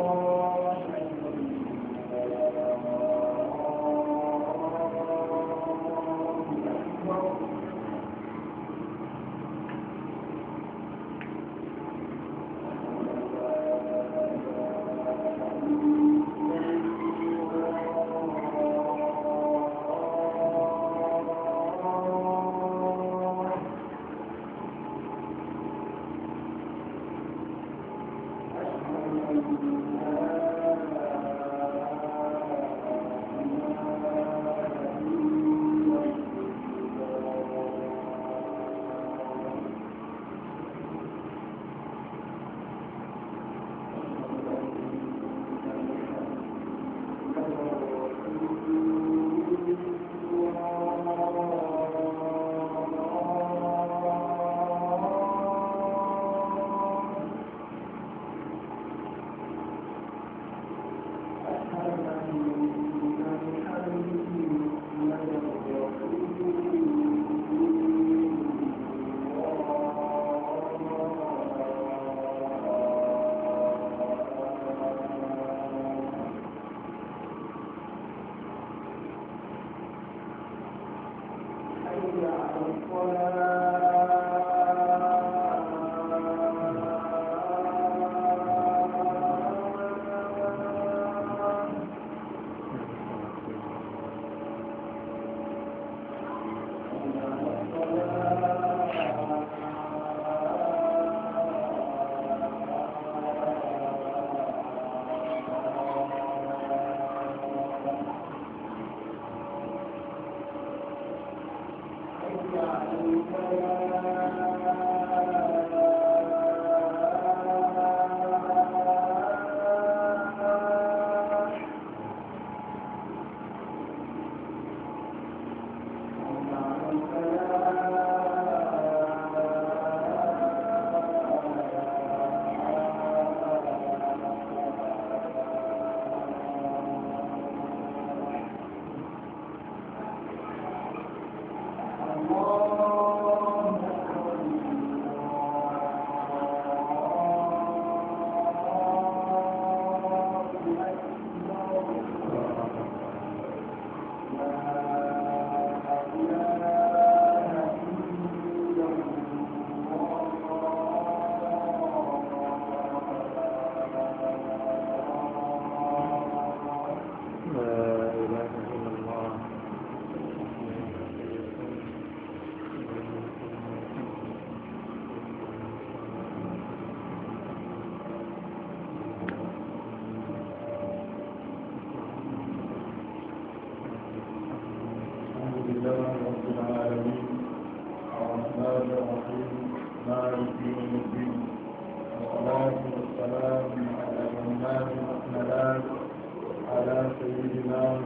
الله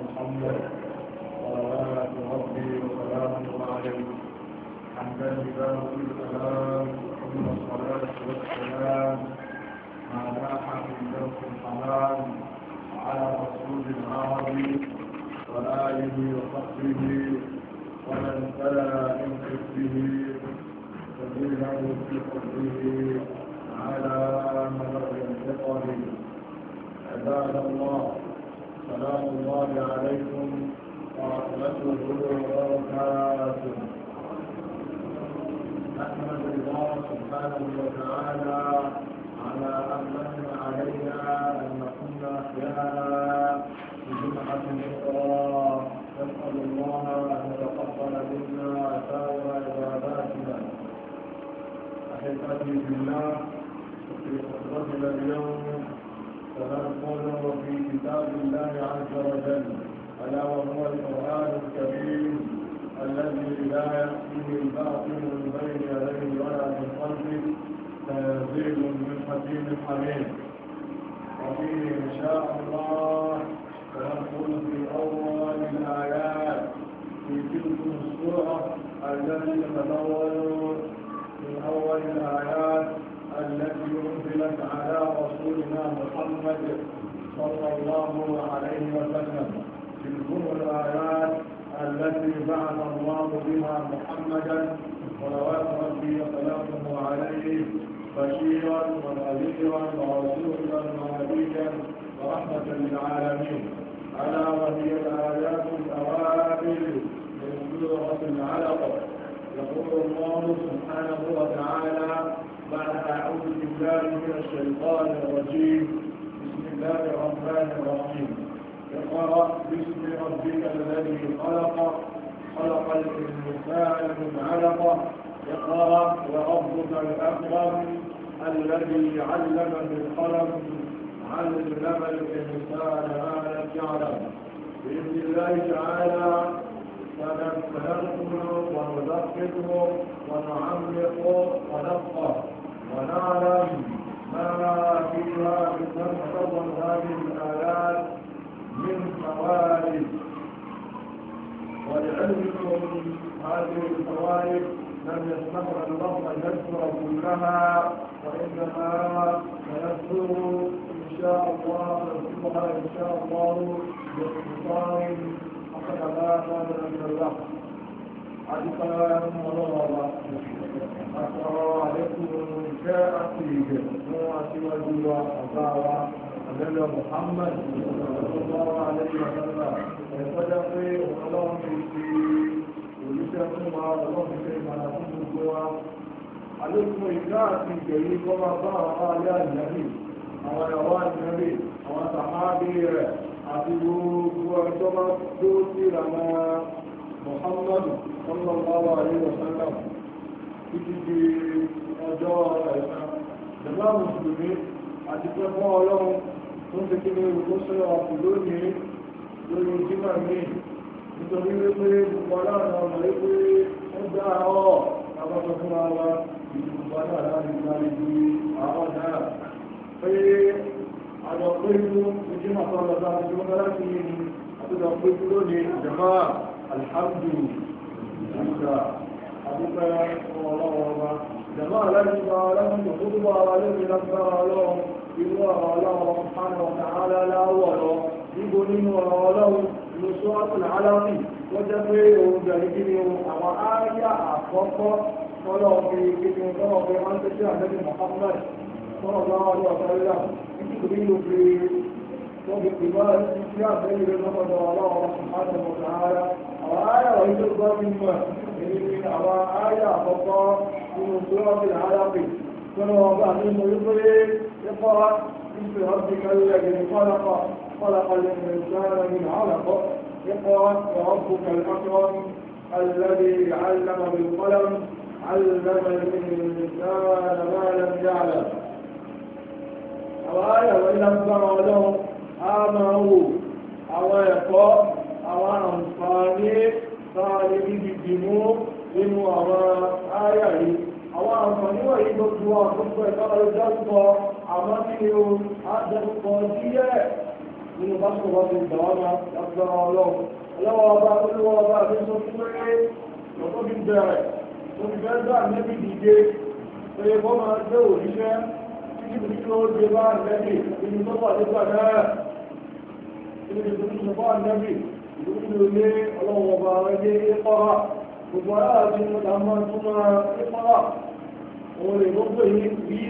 محمد صلوات ربي وسلامه عليه حمدا لله كل سلام ثم الصلاة والسلام ما لاح من درس الحلال على رسول العربي وآله وصحبه ومن تلا من حفظه سبيله في حفظه على مدر الفطر عباد الله سلام الله عليكم ورحمته وبركاته أحمد الله سبحانه وتعالى على أن علينا أن نكون احياء بجمعه أخرى نسأل الله أن يتقبل منا سائر عباداتنا أحبتي بالله في خطبتنا اليوم تنقل وفي كتاب الله عز وجل ألا وهو القرآن الكريم الذي لا يأتيه الباطل من بين يديه ولا من خلفه تنزيل من حكيم حميد وفيه إن شاء الله سنقول في أول الآيات في تلك السورة التي تتنول من أول الآيات التي أنزلت على رسولنا محمد صلى الله عليه وسلم تلكم الآيات التي بعث الله بها محمدا صلوات ربي وسلامه عليه بشيرا ونذيرا ورسولا ونبيا ورحمة للعالمين ألا وهي الآيات الأوامر من سورة العلق يقول الله سبحانه وتعالى بعد أعوذ بالله من الشيطان الرجيم بسم الله الرحمن الرحيم اقرأ باسم ربك الذي خلق خلق الإنسان من علقة اقرأ وربك الأكرم الذي علم بالقلم علم الإنسان ما لم يعلم بإذن الله تعالى وننقل وندقق ونعمق ونبقى ونعلم ما فيها من تنقض هذه الآلات من فوائد ولعلمكم هذه الفوائد لم يستمر اللفظ يذكر كلها وإنما سنذكر إن شاء الله نذكرها إن شاء الله باختصار فلا حول الا الله àdúgbàmọ́ ọlọ́wọ́wà àtọ̀rọ̀ àlékún iṣẹ́ àti ìgbẹ̀ fún aṣíwájú wa ọ̀gá wa àlẹ́lẹ̀ Muhammad ọlọ́wọ́ alẹ́yọ̀lọ́lá ẹ̀kọ́já pé ọlọ́run ti fi òṣìṣẹ́ fún wa ọlọ́run ti máa fún gbogbo wa àlékún iṣẹ́ àti ìgbẹ̀ yìí kọ́ máa bá àwọn alẹ́ àjẹ́rì àwọn ẹ̀wọ́ àjẹ́rì àwọn sàmáàbí rẹ̀ àti gbogbo ọjọ́ máa tó sí ìlànà Muhammadu sallallahu alaihi wa sallam títí di ọjọ́ ẹ̀sán ìjọba mùsùlùmí àti pé fún ọlọ́run tó ń fi kí ní ìwòkó sọ́yọ̀ ọ̀pù lónìí lórí jímọ̀ míì nítorí wípé gbogbo aláàrùn ọmọ wípé ó dá ọ lábọ́sọ fún wa àjọ pé tó ojú náà tọ́lọ láti ṣe mọ́tọ́lá sí yé ni àtúndà pé tó ló lè jẹ̀mọ́ alhamdulillah àdúgbà ọlọ́wọ́ ọba jẹ̀mọ́ aláìsí wa ọlọ́run tó tó bá wa lórí lágbára ọlọ́run irú ọ̀rọ̀ ọlọ́run pánà ọ̀tà aláwọ̀ lọ níbo nínú ọ̀rọ̀ ọlọ́run ló sọ ọ́tún aláwọ̀ wọ́n jẹ́ pé òun bẹ̀rẹ̀ kí ni àwọn ááyà àkọ́kọ́ ọlọ́run fi kí ni ọlọ́run fi ránṣẹ́ sí àjẹ́bí Muhammad صلى الله عليه وسلم جبريل في يوم القبال يا سيد النبض الله سبحانه وتعالى وآية وإذ الظالمة من أبا آية فضاء من سورة العلق كما وضع منه يطلق اقرأ باسم ربك الذي خلق خلق الإنسان من علق اقرأ وربك الأكرم الذي علم بالقلم علم الإنسان ما لم يعلم àwọn àyàwó ìlànà ọlọ́run a máa wò àwọn ẹ̀kọ́ àwọn àǹfààní sáàrí níbi mú nínú àwọn àyà yìí àwọn àǹfààní wọ̀nyí gbogbo àkókò ẹ̀kọ́ ọlọ́dọ́kọ̀ àmọ́ kí ni o á dẹ́kọ̀ díẹ̀ nínú báṣọ̀ wọn ti gbà wọn lágbára ọlọ́run ọlọ́wọ́ ọba olúwọ́ ọba àti sọ fún pé lọ́kọ́ bí bẹ̀rẹ̀ tó fi fẹ́ dá níbi dìde pé wọ́n máa gbé òṣìṣẹ́ ibi tí ó dé bá nẹ́bì ibi tó pàdé pàdé ibi tó tún bá nẹ́bì ìlú ìlú ilé ọlọ́wọ́ bá ẹgbẹ́ ìpọ́ra gbogbo ara ti mú dámọ́ túnmọ́ ìpọ́ra òun lè ló pè ní bí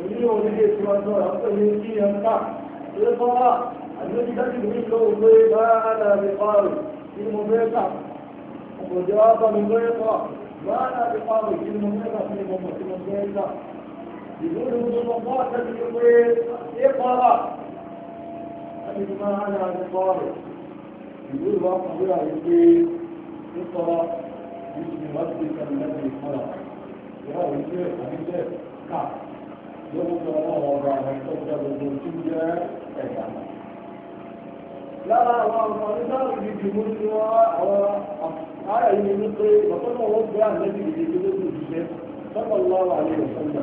òní onílé tí wọ́n tọ́ ra pè ní kí ẹ̀ ń ká ìpọ́ra àti dájú mi lóhùn pé bá àdàbí pààrọ̀ kí mo fẹ́ kà ọ̀pọ̀ jẹ́ wá bá mi lóyè pọ̀ bá àdàbí pààrọ̀ kí mo fẹ́ kà fún ìmọ̀mọ̀ tí mo fẹ́ kà ìlúlù gbogbo ọ̀sẹ̀ ti pé é kọ́lá ẹni tí máa ń yára kọ́ rẹ̀ ìlúlù wa kọ̀ wíwà yìí pé é kọ́lá yìí ti wá sí ìkànnì lẹ́nu ìkọ́lá ìyá òun jẹ́ àbíjẹ́ ká lórúkọ ọlọ́wọ́ ọba rẹ̀ tó jẹ́ gbogbo tí ń jẹ́ ẹ̀dá lára àwọn àǹfààní láti di ìdìbò tí wọ́n àwọn ààrẹ yìí ní pé ọ̀pọ̀lọpọ̀ wọn gbé àlejò ìdíje lójú ìṣẹ́ sọ́kọ̀ lọ́wọ́ àlejò sọ́jà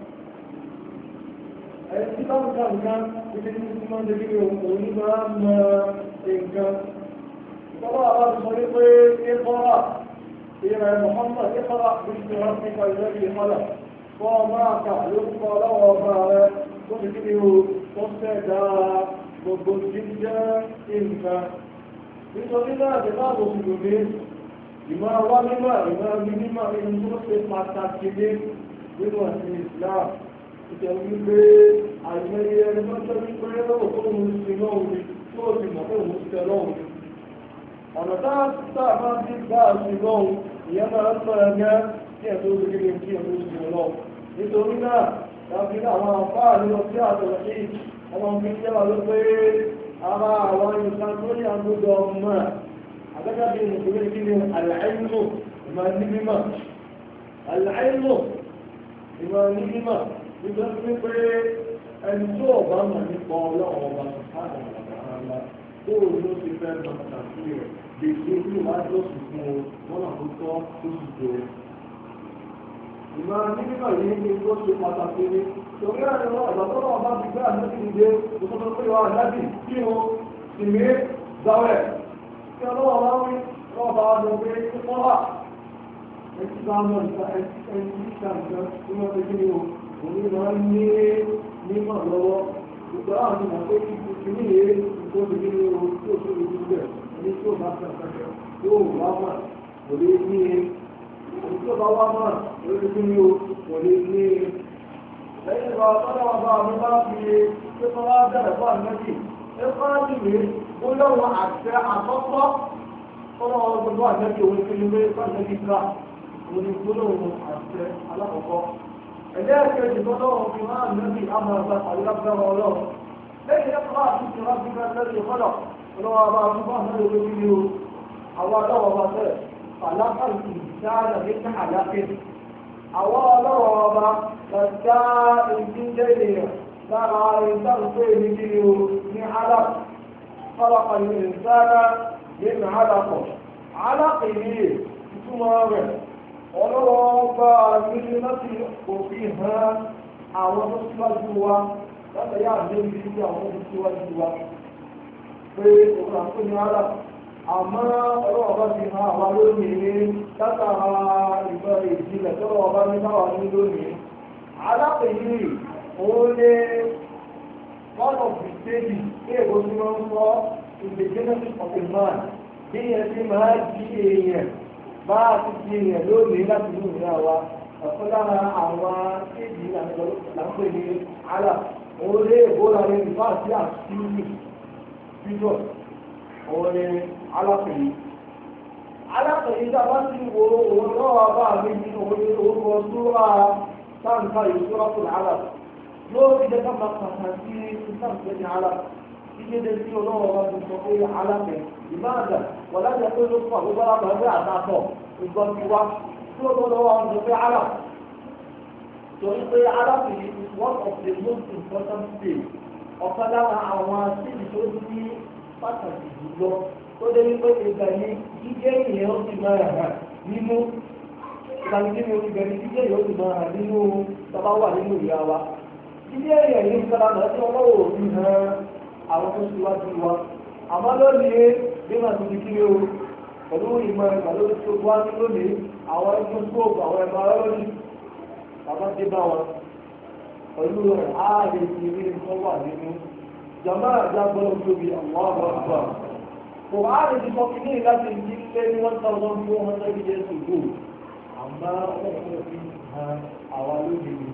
ẹni tí bá nǹkan nǹkan títí tí tí máa ń débi òun ní máa ń mọ nǹkan ìjọba àbá ti sọ ní pé ké kọ́ra ìrẹ̀ mọ̀hánmà ké kọ́ra bí ti wọ́n fi kọ́ ìlú ẹ̀rí ìmọ̀lá fọ́ máa kà lórúkọ ọlọ́wọ́ ọba rẹ tó ti kí ni o tó ṣẹ̀dá gbogbo tí ń jẹ́ nǹkan nítorí náà ti bá àwọn òṣèlú ìmọ̀ wá mímọ̀ ìmọ̀ mímọ̀ ìmọ̀ tó ṣe pàtàkì nínú àti ìsìláàmù ìjẹ́ wípé àìmọye ẹni tó ń tẹ́ wípé lọ́wọ́ tó ń sin náà ni tó ti mọ̀ pé òun ti tẹ lọ́wọ́ ni. ọ̀nà tá a máa ti gbá àti lọ́wọ́ ìyẹn máa ń sọ ẹgbẹ́ kí ẹ̀ tó ti kéde kí ẹ̀ tó ti tẹ lọ́wọ́. nítorí náà láti ní àwọn àfáà ní ọtí àtọ̀rọ̀ sí ọmọ mi jẹ́ wà ló pé ara àwọn nǹkan tó ní àgbójọ ọmọ àgbẹ́jà bíi mùsùlùmí kí ni àlàáìmù ìmọ̀ ní mímọ̀ àlàáìmù ìmọ̀ ní mímọ̀ nígbà tí pé ẹni tó ọba mọ̀ nípa ọlọ́run ọba sùpáàdà àgbàlá tó o ló ti fẹ́ lọ pàtàkì rẹ̀ gbèsè bí wàá tó sì fún o lọ́nà tó tọ́ tó sì tó o. ìmọ̀ nígbà yìí ni tó ṣe pàtàkì ni torí àwọn àgbàtọ́lọ́ ọba ti gbé àdúgbò ìdè òṣèlú pé wàá dájú kí o sì mí gbáwẹ̀ tí ọlọ́wọ́ wá wí lọ́ba ọdún pé kí òun máa ń ní mímọ̀ lọ́wọ́ gbogbo àwọn ọmọ tó ti fi fi ní ìyẹn tó ti nínú ohun tó tó lè dúpẹ́ ní tó bá fẹ́ fẹ́ yóò wá mà kò lè ní e òun tó bá wá mà lórí kí ni o kò lè ní e. lẹ́yìn ìgbà ọ̀pọ̀lọpọ̀ bàbá mi àṣẹ àkọ́kọ́ ẹlẹ́ẹ̀kejì tọ́lọ́wọ́ fi máa nẹ́bí amọ̀ọ̀gbà àyílábẹ́rọ ọlọ́run lẹ́yìn ẹ̀kọ́ àti ìṣẹ́lá ti fẹ́ lẹ́yìn ìfọ́lọ̀ ọlọ́wọ́ bá rúbọ̀ mẹ́rin ló bí o àwọn ọlọ́wọ́ bá bẹ̀rẹ̀ alákàlùkù dáadáa ní àyàfẹ́ àwọn ọlọ́wọ́ bá lọ́jà ìdíjẹ́ ènìyàn lára ìdáhùn pé èmi bí o ní alák fọlọ́kọ̀ ní ìdáná nínú alákọ̀ alákìlì ìtumọ̀ rẹ̀ ọlọ́wọ́ba nílé láti òfin hàn àwọn tó síwájú wa látàrí àdébí sí àwọn tó síwájú wa pé òun àpò ní ara àmọ́ ọlọ́wọ́ba ti hàn àwa lónìí látara ìgbà ìjìnlẹ̀ tọ́lọ́wọ́ba ní báwa ní lónìí alápèyí òun lè one of the stages tí èkó tí wọ́n ń sọ in the genesis of a man bí yẹn ti máa di èèyàn bá a ti di rẹ̀ lónìí láti ní ìrìn àwa ọ̀kan lára àwọn éèdì làǹpẹ̀ ní àlà òun ìbóra rẹ̀ nípa àti àtúnyì bíbọ̀ òun ní alápẹ̀ yìí. a bá ti wo òun náà bá a rí nínú òun ní orúkọ súra táǹkà yìí súra kùn àlà lórí ìjẹ́ká máa kàkà sí táǹkà ní àlà dídé tí ọlọ́wọ́ wa ti sọ pé alábẹ̀ ìmáàdà wọ́n láti ẹgbẹ́ ló fún àgbẹ̀bọ́ àgbà pé àtàtọ̀ nǹkan ti wá tí ó lọ́wọ́ wa sọ pé arab torí pé arab is one of the most important things ọ̀kan lára àwọn síbi tó ní pàtàkì jùlọ tó dé wípé ìgbà ní jíjẹ́ ìyẹn ó ti máa rà nínú ìgbàlódé ni olùgbẹ́ ní jíjẹ́ ìyẹn ó ti máa rà nínú bàbá wà nínú ìyá wa jíjẹ́ ìyẹn ní sábà lọ́sọ̀ ọlọ́wọ́ òfin hàn àwọn tó ṣíwájú wa àmọ́ lónìí bí màá ti di kiri o pẹ̀lú ìmọ̀ ìgbàlódé tó wá ní lónìí àwọn ẹgbẹ́ scope àwọn ẹgbẹ́ ọlọ́dún bàbá dé bá wọn pẹ̀lú rẹ̀ á lè fi rí nǹkan wà nínú jàmbá àjà gbọ́dọ̀ tóbi àwọn àbọ̀ àbọ̀ kò á lè sọ kíní láti ní lé ní one thousand four hundred years ago àmọ́ ọ̀pọ̀ fi hàn àwa lónìí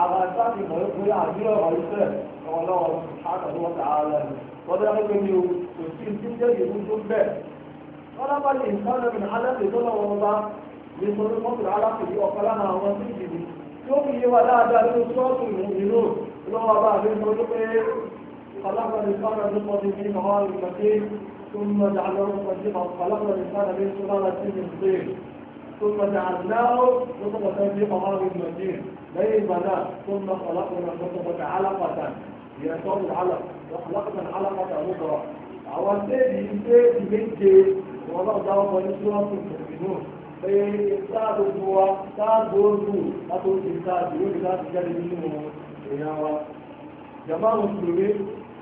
àwọn àti àti ìmọ̀ ẹ̀kọ́ yà á ọ̀rọ̀ ọlọ́run ṣáàtàlú ọ̀tà ààrẹ wọ́n tó dákẹ́ pé ní o kò sí ní jẹ́ ìlú tó bẹ̀. wọ́n dábà lè sáré mi alẹ́ tó lọ́wọ́ wọn bá ní sọ́dún mọ́tò aláṣẹ yìí ọ̀kan lára àwọn tó ìdìbò tí ó fi yé wa dáadáa nínú ṣọ́ọ̀tù ìlú lọ́wọ́ bá mi sọ pé خلقنا الإنسان من نطفة في مهار مكين ثم جعلناه نطفة خلقنا الإنسان من سلالة من طين ثم جعلناه نطفة في مهار مكين ليه بنا ثم خلقنا النطفة علقة ìyẹ̀tọ́ ìhálà lọ́kùnrin alápá tàbí ọ̀rọ̀ àwọn tẹ́ẹ̀dì tẹ́ẹ̀dì méje wọn náà dáwọ́ kan ní síwájú ìgbìmọ̀ pé sáàdù tó wa sáàdù ó dù látó ti sáàdù yóò di láti jáde nínú èèyàn wa jàmbá mùsùlùmí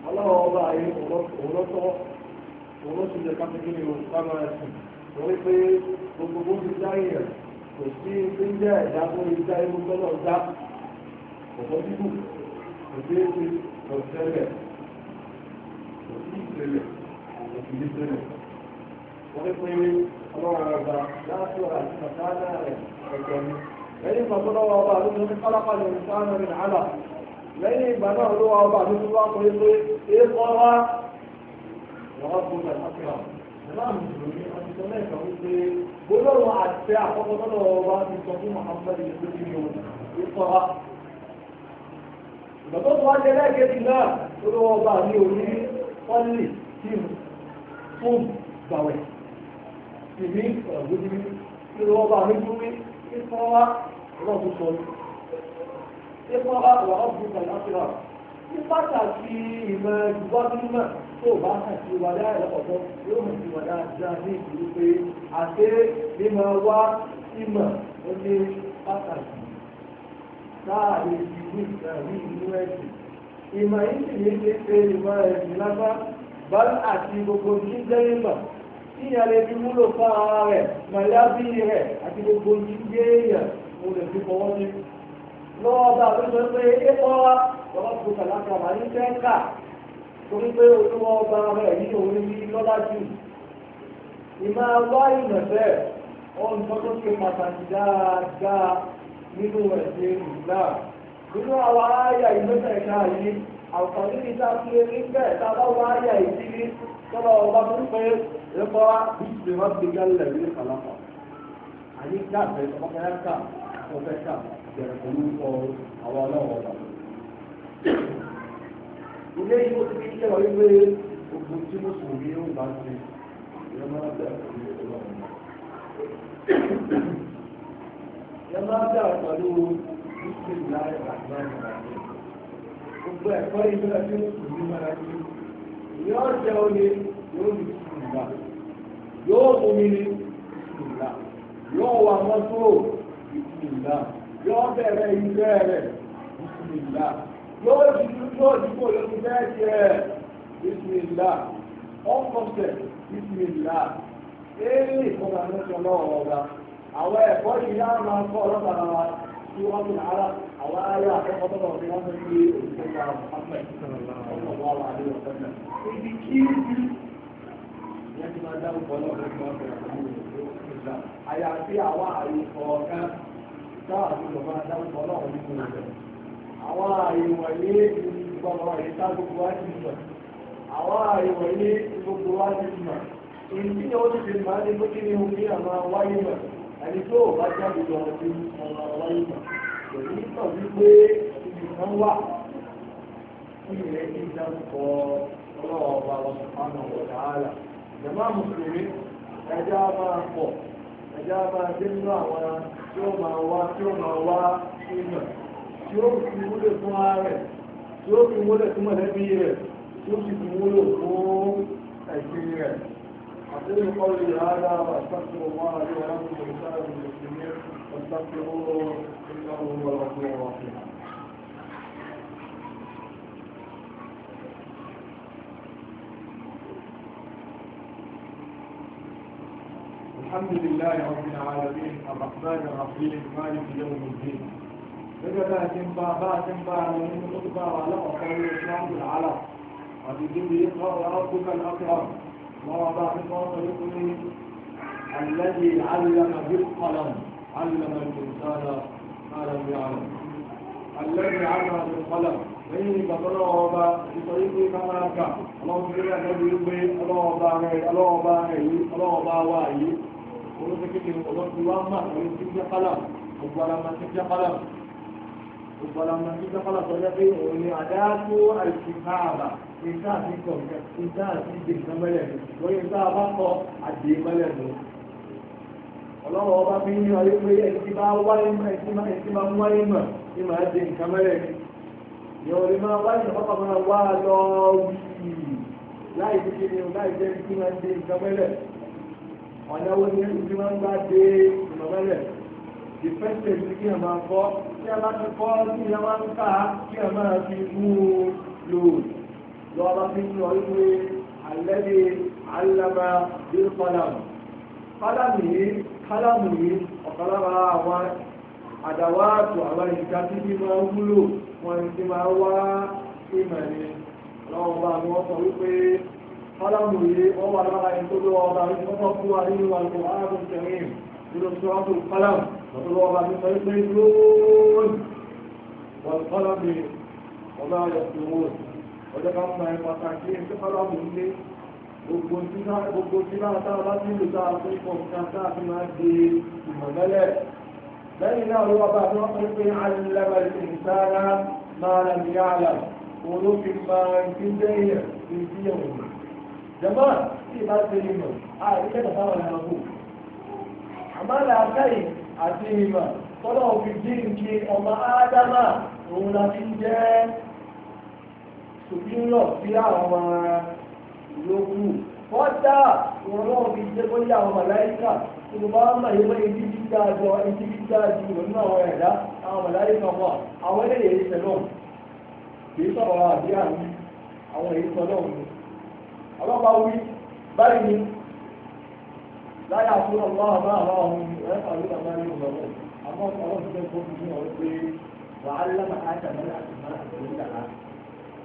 aláwọ̀ ọba ayé òwúrọ̀tọ́ òwúrọ̀tọ́ káfíńkì ní kámẹ́rà sí lórí pé gbogbo gbogbo dáyé rẹ̀ kò sí ní jẹ́ ẹ̀dá tó lè dá irú gbọ́dọ̀ dá òfò kò sí èsì kò tẹ́lẹ̀ kò sí ìtẹ́lẹ̀ kò sí ìtẹ́lẹ̀ wọ́n ní pé ọlọ́run ọba láàárọ̀ àti kàtàlá rẹ̀ ọ̀gbẹ́ mi lẹ́yìn ìgbà tó lọ́wọ́ ọba ló ní àkọ́kọ́ lọ́wọ́ ọba ti sọ fún Muhammad ìgbésí ni ìgbàgbọ́ tó wá jẹ lẹ́ẹ̀kejì náà tó lọ́wọ́ ní orí ọ́nlì tí fún gbàwẹ̀ ìmí ọ̀gbọ́dí tí lọ́wọ́ bá ní fún ìfọ́wá ọlọ́run ìfọ́wá wà ọ́gbọ́n kàlásìrà ní pàtàkì tó bá kà sí dáadáa ọ̀pọ̀ yóò hàn sí wa dáadáa ní ìlú pé àti láàrin ìlú ìsìlámì inú ẹ̀sìn ìmọ̀ yìí sì ní ṣe pé ìmọ̀ gbogbo ní jẹ́yìnbà tí ìyá ara rẹ̀ mọ̀lábí rẹ̀ gbogbo ní jẹ́yìn mo lè fi fọwọ́ sí. lọ́wọ́ bá a tó sọ pé é kọ́ra bàbá tó kàlá kan ní sẹ́ńkà torí pé olúwa ọba rẹ̀ yìí òun jù ìmọ̀ ìmọ̀ bẹ́ẹ̀ ọ̀n nínú ẹ̀sìn Islam nínú àwọn àyà ìmẹ́tẹ̀ẹ̀ká yìí àǹfààní níta fi eré bẹ́ẹ̀ tá a bá wá àyà ìdílé tọ́lọ̀ ọba tó pé ẹ̀kọ́ bíṣẹ́ wọn ti gálẹ̀ ní kàlàfà àyè dáàbẹ̀ ọmọkẹ́yàká ọ̀fẹ́ká bẹ̀rẹ̀ pẹ̀lú àwọn ọlọ́wọ́ ọba. ilé yìí ó ti fi ṣẹ́wọ̀ wípé lẹ́mọ́ dà pẹ̀lú ìṣe ìlànà ìgbàgbọ́ ìgbàgbọ́. Gbogbo ẹ̀kọ́ ìlú ẹbí òkú ní Mọ́lájú. Yóò jẹ́ oyè yóò ní ìṣùgbà. Yóò omi ní ìṣùgbà. Yóò wà mọ́tò ìṣùgbà. Yóò bẹ̀rẹ̀ ilé rẹ̀ ìṣùgbà. Yóò dìbò ọ̀gá àwọn ẹ̀kọ́ yìí máa kọ́ ọlọ́pàá wa tí wọ́n ti nàárà àwọn ayé àkọ́kọ́ tó lọ sí wọ́n ti fi òṣìṣẹ́ ta Muhammad ọmọ wa wà ní ọ̀sán ibi kí ibi yẹn ti máa dáhùn pọ̀ náà lọ́sọ̀ ọ̀sẹ̀ ọ̀sẹ̀ àyàfi àwọn àyè kọ̀ọ̀kan táà ti lọ́ máa dáhùn pọ̀ náà nínú ọ̀sẹ̀ àwọn àyè wọ̀nyí gbọ́dọ̀ wà yìí tá gbogbo wa ti sọ àwọn àyè wọ̀nyí gbogbo wa ti mọ̀ èyí ni ó ti fi máa ní bókí ni mo ní àmọ́ wáyé mọ̀ ẹni tó bá jáde lọ sí ọmọ wáyé pẹ̀lú nípa wípé ibi kan wà tí ilẹ̀ ti dárúkọ ọlọ́wọ́ ọba wọn sùpánà ọ̀dà ààlà jàmá mùsùlùmí ẹja máa pọ̀ ẹja máa dé nínú àwọn tí ó máa wá tí ó máa wá ìmọ̀ tí ó fi wúlò fún ààrẹ tí ó fi wúlò fún mọ̀lẹ́bí rẹ̀ tí ó sì fi wúlò fún قولي هذا واستغفر الله لي ولكم ولسائر المسلمين فاستغفروه انه هو الغفور الرحيم الحمد لله رب العالمين الرحمن الرحيم مالك يوم الدين daga cikin babatin bayanin mutubawa na ƙasar islam al'ala a cikin da ya kawo rafukan akram wọ́n bá fi kọ́ sọ wípé alẹ́dì alẹ́mà bí kọlọm alẹ́mà bí sára sára bí àrùn alẹ́dì alẹ́mà bí kọlọm lẹ́yìn ìgbàgbọ́lọ́ ọba ìsọ wípé kámáàkà ọlọ́ọ̀bá rẹ̀ ọlọ́ọ̀bá rẹ̀ ọlọ́ọ̀bá wà yìí olóṣèkéde ọlọ́ọ̀bí wá mà lórí sí jẹ́kálà gbogbo ara máa ti jẹ́kálà gbogbo ara máa ti jẹ́kálà sọ ìta àti kọ̀ọ̀kan ìta àti ìdè nǹkan mẹ́lẹ̀ lọ lórí ìta bá kọ àdè mẹ́lẹ̀ lọ. ọlọ́wọ́ ọba bí ní ọyọ́ pé ẹtí bá wáyé mọ̀ ẹtí máa ẹtí máa wáyé mọ̀ ní màá dè nǹkan mẹ́lẹ̀ ni. ìyọ̀wò lè máa wáyé mọ̀ pápá máa wá lọ wíì láì fi kí ni ìfẹ́sẹ̀ sí kí ẹ máa kọ́ kí ẹ bá ti kọ́ kí ẹ máa ń kà kí ẹ máa fi mú o lọ́wọ́ fi ń lọ ìwé alẹ́dẹ alaba bí kọ́lámù kọ́lámù yìí kọ́lámù yìí ọ̀pọ̀lọpọ̀ àwọn àdáwàtò àwọn ìjà tí bí máa ń wúlò wọn ti máa wá ìmọ̀ ni lọ́wọ́ bá mi wọ́n sọ wípé kọ́lámù yìí wọ́n wà lára ẹni tó lọ́wọ́ bá mi wọ́n sọ fún wa nínú àgbo arábùn kẹrin nínú sọ́ọ́tò kọ́lámù lọ́wọ́ bá mi sọ wípé lóòrùn wọ́n kọ́lámù yìí wọ́n máa yọ̀ sí owó ọjọ́ bá mọ ẹ̀pà tàbí ẹ̀ṣẹ́ fọ́lọ́mù ilé gbogbo tí láta bá ti lè ta fún ìfọ̀ nǹkan tá a fi máa di ìmọ̀lẹ́lẹ̀ lẹ́yìn náà ló wá bá tó wọ́n pé alẹ́lẹ́bẹ̀ ìsára máa rẹ̀ ní àlà olófin máa ń fi lẹ́yìn ní sí ẹ̀wọ̀n jẹ́mọ́ tí ìbá superior sí àwọn yòókù wọ́n dá wọn lọ́wọ́ fi jẹ́ kó yá àwọn màláìkà tó bá ń mọ̀ yẹ́pẹ́ ibi bí dáadọ́ ibi bí àwọn ẹ̀dá àwọn màláìkà wà àwọn náà kì í sọ̀rọ̀ àbí àmì àwọn èyí sọ náà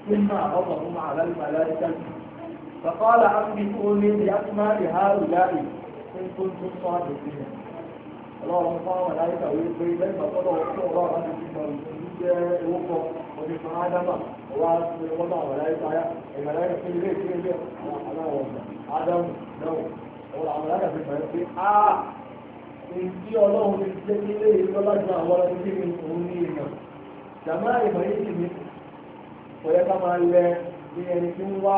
مما غضبهم على الملائكة فقال عبد قومي لأسمى لهؤلاء إن كنتم صادقين الله صار ملائكة ويبيد فقضى الصورة عن الله وقف وقف آدم ووضع الله الملائكة في البيت في الله على آدم نو ولا ملائكة في البيت آه إنتي الله من سبيله إلا الله "إن ولا تجيب من "إن كما يبين من ọ̀yẹ́ ká máa lẹ ní ẹni tí ń wá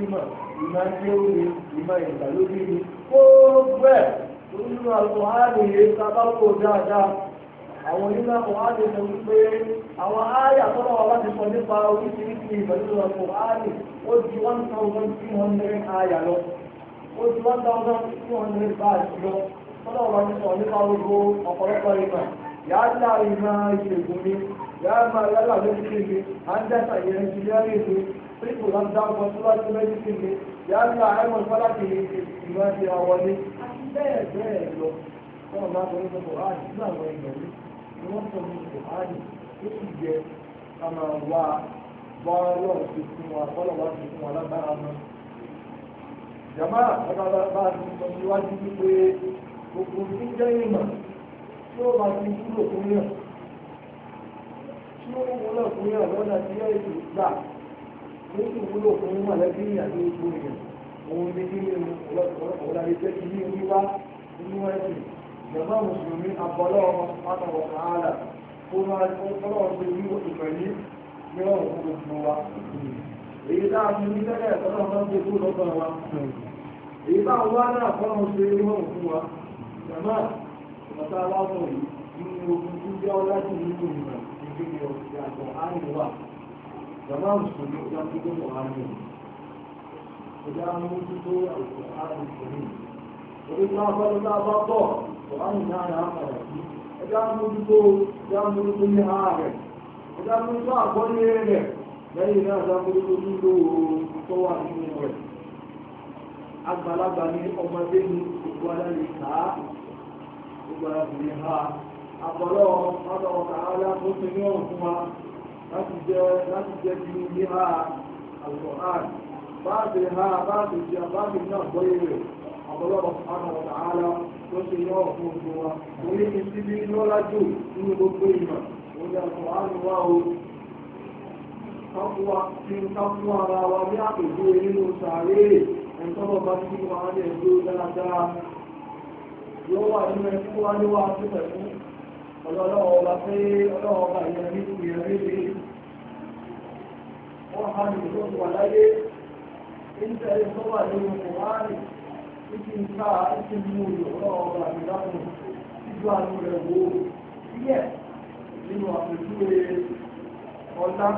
ìmọ̀ ìmọ̀ kéwù ni ìmọ̀ ìgbàlódé ni ó bẹ́ẹ̀ nínú àwọn ààrẹ sábàkò dáadáa àwọn onímọ̀ àwọn ààrẹ sọ wípé àwọn ààyà tọ́lọ̀ wa láti sọ nípa oríṣiríṣi ìgbàlódé ọkọ̀ one thousand three hundred ààyà lọ ó one thousand three hundred báàgì lọ tọ́lọ̀ wa ti sọ nípa gbogbo ọ̀pọ̀lọpọ̀ ìmọ̀ yàrá ìmọ̀ ìṣègùn ni yàrá máa yálà lójú kéde àńdẹ́sà yẹn ti yára èso pípò náà dáhùn fúláṣí lójú kéde yàrá ẹ̀wọ̀n fúláṣí ìgbà ti àwọlé àti bẹ́ẹ̀ bẹ́ẹ̀ lọ wọn máa sọ nípa buhari nínú àwọn ìgbàlú ni wọ́n sọ nípa buhari ó sì jẹ ká máa fún wa bọ́ọ̀lọ́ wa ti fún wa lágbára náà jama bàbá ti sọ níwájú wípé gbogbo tí jẹ́ ìmọ̀ tí ó bá ti kúrò fún yàn tí ó mú náà fún yàn lọ́nà tí yóò sì gbà ló sì wúlò fún mọ̀lẹ́bí àti oṣù èèyàn òun ní kí ni ọ̀làdé jẹ́ kí ní wíwá nínú ẹ̀sìn jọba mùsùlùmí abọ́lọ́ pátàwọ̀ káàlà tó máa ń kọ́lọ́ ṣe ní ìpẹ̀lú ní ọ̀rùn gbogbo wa èyí tá a fi ní tẹ́lẹ̀ kọ́lọ́ máa ń ṣe kú lọ́gbọ̀n القرآن هو جماعة السجود يقصد القرآن وجاء موجود القرآن الكريم وإذا فرض بعضه القرآن كان آخر وجاء موجود جاء موجود نهاية وجاء موجود أقوى lẹ́yìn náà lágbóríkó nílò tó wà nínú rẹ̀ àgbàlagbà ní ọmọdé ní gbogbo aláìka gbogbo aláìka àbọ̀lọ́ ọlọ́ọ̀ta aláàbóṣe ní ọ̀rùn fún wa láti jẹ́ bí ní ha alùpùpù báàbì ha báàbì jẹ́ báàbì náà gbọ́yé rẹ̀ àbọ̀lọ́ ọlọ́ọ̀ta aláàbóṣe ní ọ̀rùn fún ojú wa orí ti ti bí lọ́lájú nínú gbogbo ìmọ̀ òun yàtọ̀ àánúwá ọlọ́wọ́ ọba pé ọlọ́wọ́ ọba ìyẹ̀rí ìyẹ̀rí lè wọ́n ha ní ìlú wà láyé ìtẹ̀lé tó wà nínú kòmárì títí ń ká títí ń mú ìlú ọlọ́wọ́ ọba ìdáhùn títí àánú rẹ̀ wò ó díẹ̀ nínú àpèjúwe ọlá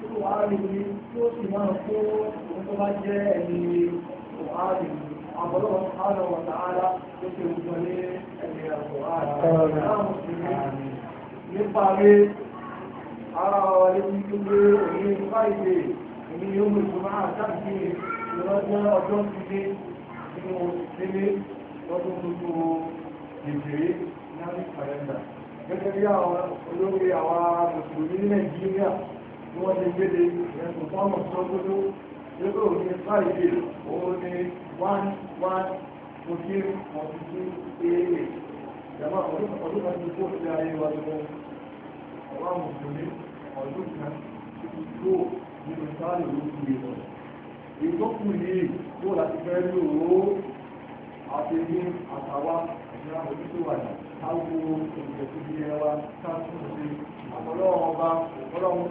tó wà nínú tí ó sì máa kó ohun tó bá jẹ́ ẹni kòmárì àbọ̀lọ́wọ́ sáré wọ̀tá ara tó ṣe ògbọ́n ní níparí ara wa lè ní gbogbo òní fáìdé ní yóò mú ìṣúná àtàkì ìrọ́jẹ́ ọjọ́ ìdílé nínú ìdílé lọ́dún gbogbo ìdílé ní kàlẹ́ndà gẹ́gẹ́ bí àwọn olórí mùsùlùmí nàìjíríà ní wọ́n ti gbéde mo kí mo fi kí éèrè ìjàmbá ọdún kan ti kó sí ayé wa lọ ọ̀rọ̀ mùsùlùmí ọdún kan ti fi kó nínú sáré lóṣù ìlọ ìtọ́kù yìí tó láti fẹ́ lò ó àti ní àtàwá ìṣẹ́ àmójútó wà ní káwọ́ ìṣẹ́ tó bí ẹwà káàkiri sí àpọ̀lọ́wọ́ ọba kọ́lọ́hún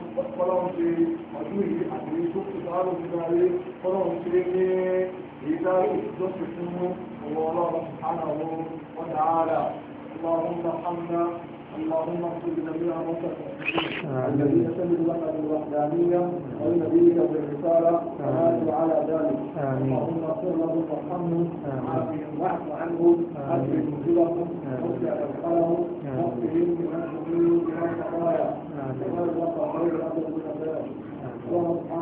ṣe ọdún yìí àti tó kù sáré lóṣù ìlọ kọ́lọ́hún ṣe ní èyí sáré ìṣọ́ṣe fún هو الله سبحانه وتعالى اللهم ارحمنا اللهم اغفر لجميع موتى الذين يسلم لك بالوحدانيه ولنبيك بالرساله فهاتوا على ذلك اللهم اغفر لهم وارحمهم وعافهم واعف عنهم اجر منزلهم وسع ادخالهم لهم بما تؤمنون بما خطايا وارزق خير اجر من اللهم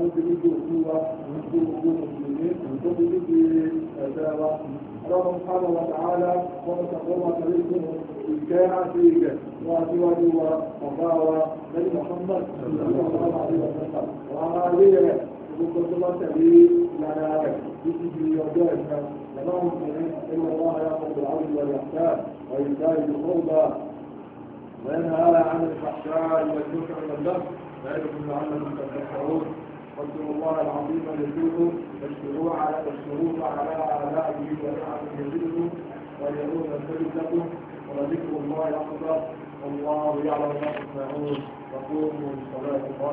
lójúlójú òkú wa òkú òkú mùsùlùmí lójúlójú ẹ̀dá wa ọlọ́run sábà wà tààlà wọn sàkóso wọn tàbí fún ìkẹ́ àti ìkẹ́ wọn àti wájú wa ọ̀gá wa lẹ́yìn mọ̀sánmọ́t ìjọba àti ìwọ̀sánmọ́ wọn á rí rẹ̀ gbogbo tó bá tẹ̀lé lára rẹ̀ títí di ọjọ́ ìka lọ́wọ́n mùsùlùmí ẹgbẹ́ wọn á yà kọ̀ọ̀dọ̀ àwọn ìwà yàtà ọ̀yìnká ìlú kọ́ọ̀bà وينهى عن الفحشاء والجوع والبغي ذلكم لعلكم تتقون قدروا الله العظيم يزيده واشكروا على واشكروه على آلائه ونعمه يزيده وليعود السبب وذكر الله أكبر والله يعلم ما تصنعون وقوموا بصلاة الله